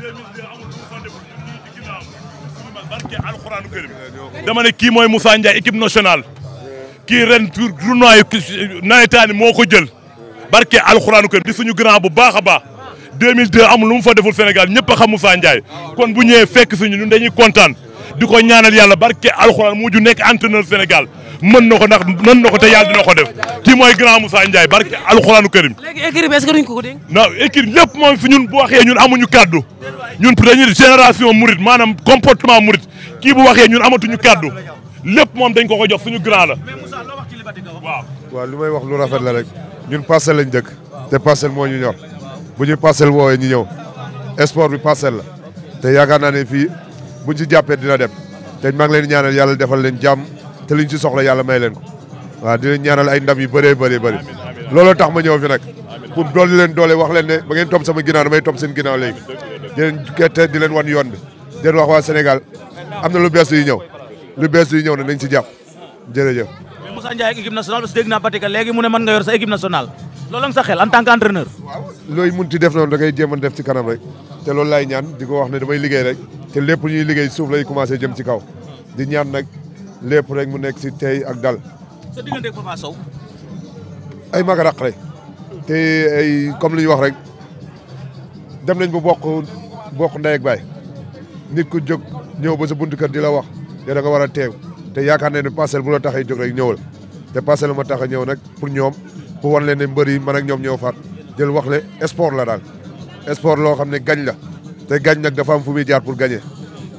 2002 kii mooy Moussa Ndiaye équipe nationale kii ren tour tournoi nawetaani moo ko jël barke alxuraanu kërim di suñu grand bu baax a baax 2002 amul lu mu fa deful Sénégal ñëpp a xam Moussa kon bu ñëwee fekk suñu ñun dañuy kontaan di ko ñaanal yàlla barke alxuraan mu ju nekk entraîneur Sénégal mën na ko ndax mën na ko te yàlla dina ko def kii mooy grand Moussa Ndiaye barke alxuraanu karim. léegi écurie bi est-ce que duñ ko ko dénk. non lépp moom fi ñun bu waxee ñun amuñu kàddu ñun dañuy génération Mouride maanaam comportement Mouride kii bu waxee ñun amatuñu kàddu lépp moom dañ ko ko jox fu ñu grand la waaw. waaw lu may wax lu rafet la rek ñun parcelle lañ dëkk te parcelle moo ñu ñor bu ñu parcelle woowee ñu ñëw sport bi parcelle la te yaakaar naa buñ ci jàppee dina dem te maa ngi leen ñaanal yàlla defal leen jàmm te liñ ci soxla yàlla may leen ko waaw di leen ñaanal ay ndam yu bëree bëri bëri looloo tax ma ñëw fi nag pour doole leen doole wax leen ne ba ngeen topp sama ginnaaw damay topp seen ginnaaw léegi di leen gerte di leen wan yoon bi di leen wax waa Sénégal am na lu bees yu ñëw lu bees yi ñëw ne nañ ci jàpp jërëjëf. mais Moussa Ndiaye ak équipe nationale parce que dégg naa Batika léegi mu ne man nga yor sa équipe nationale en tant que looy munti def noonu da ngay jéem def ci kanam rek te ñaan di ko wax ne damay liggéey rek te lépp ñuy liggéey suuf lay commencé jëm ci kaw di ñaan nag lépp rek mu nekk si tey ak dal. sa ay mag raq rek te ay comme li ñu wax rek dem nañ bu bokk bokk ndey baay nit ku jóg ñëw ba sa buntu di la wax yow da nga war a teew te yaakaar ne ne parcelle bu la taxee jóg rek ñëwal te parcelle ma tax a ñëw nag pour ñoom pour wan leen ne mbër yi man ak ñoom ñëw faat jël wax le sport la daal sport loo xam ne gañ te gañ nag dafa am fu muy jaar pour gagner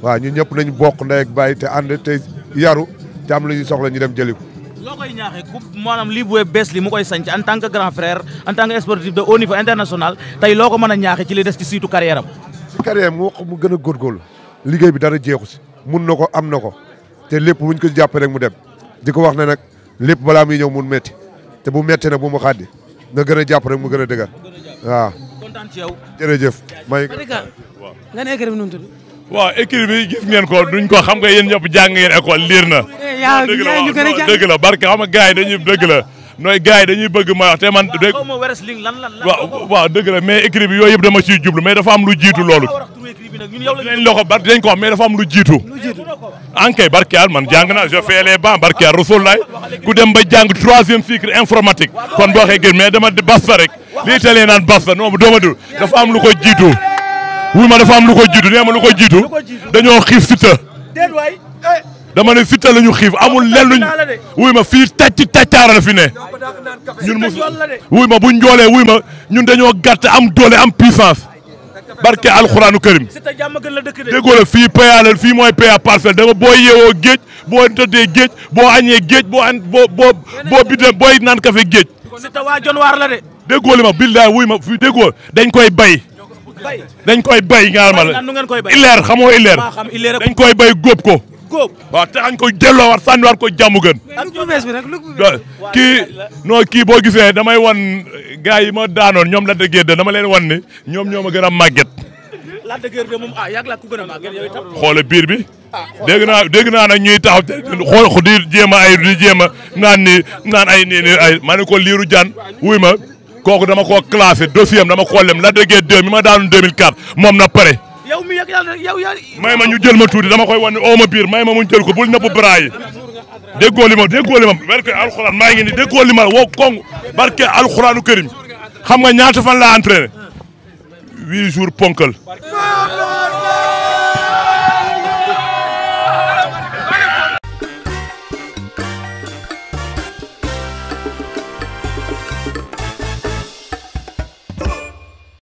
waaw ñun ñëpp nañ bokk ndey ak bàyyi te ànd te yaru te am lu ñuy soxla ñu dem jëli loo koy ñaaxee ku maanaam lii bu bees li mu koy sanc en tant que grand frère en tant que sportif de haut niveau international loo ko mën a ñaaxee ci li des ci siitu carrière am si carrière mu wax mu gën a góorgóorlu liggéey bi dara jeexu si mun na ko am na ko te lépp buñ ko jàppee rek mu dem di ko wax ne nag lépp balaa muy ñëw mun metti te bu metti nag bu mu xaddi na gën a jàpp rek gën a dëgër waaw kontaan yow. jërëjëf may nga ne écrit bi nu mu waaw écrit bi ngeen ko duñ ko xam nga yéen ñëpp jàng ngeen école liir na. Eh, yaa ñu gën a jàng dëgg la barke xam nga gars yi dañuy la. nooy gars yi dañuy bëgg ma wax te man. waaw waaw dëgg la mais écrit bi yooyu yëpp dama ciy jublu mais dafa am lu jiitu loolu. bi nag ñun yow lañ dinañ loxo bar dinañ ko dafa am lu jiitu ankay barkeel man jàng naa je fais les bancs barkeel rasulaay ku dem ba jàng troisième cycle informatique kon boo xee gën mais dama basta rek lii telee naan basta non dooma dafa am lu ko jiitu wuy ma dafa am lu ko jiitu nee ma lu ko jiitu dañoo xiif Siteu eh. dama ne Siteu la ñu xiif amul lenn luñ wuy ma fii tàcc tàccaara la fi ne ñun mos wuy ma bu njoolee wuy ma ñun dañoo gàtt am doole am puissance barke alxuraanu karim déggoo la fii paya la fii mooy paya parcelle da nga boo yeewoo géej boo tëddee géej boo añee géej boo an boo boo boo bidee booy naan café géej déggoo li ma billaay wuy ma fii déggoo dañ koy bay dañ koy bay ngaal ma la illeer xamoo illeer dañ koy bay góob ko waaw te añ ko delloo war sànni war ko jàmm gën kii non kii boo gisee damay wan gars yi ma daanoon ñoom la dëggee dama leen wan ni ñoom ñoo ma gën a màgget Lac de Guiers de moom ah, a màgg yow itam. xoolal biir bi. Ah, dégg naa dégg naa nag ñuy taxaw xool di jéem a ay di jéem a naan ni naan ay nii ay ma ko liiru jan wuy ma kooku dama koo classé dossier am dama koo lem Lac de Guiers 2 mi ma daanu 2004 moom na pare. yow mi yàgg may ma ñu jël ma tuuti dama koy wane ne ma biir may ma mu jël ko bul nëbb bras yi déggoo li ma déggoo li ma barke alxuraan maa ngi ni déggoo li ma woo kong barke alxuraanu kërim xam nga ñaata fan laa entraîné huit jours ponkal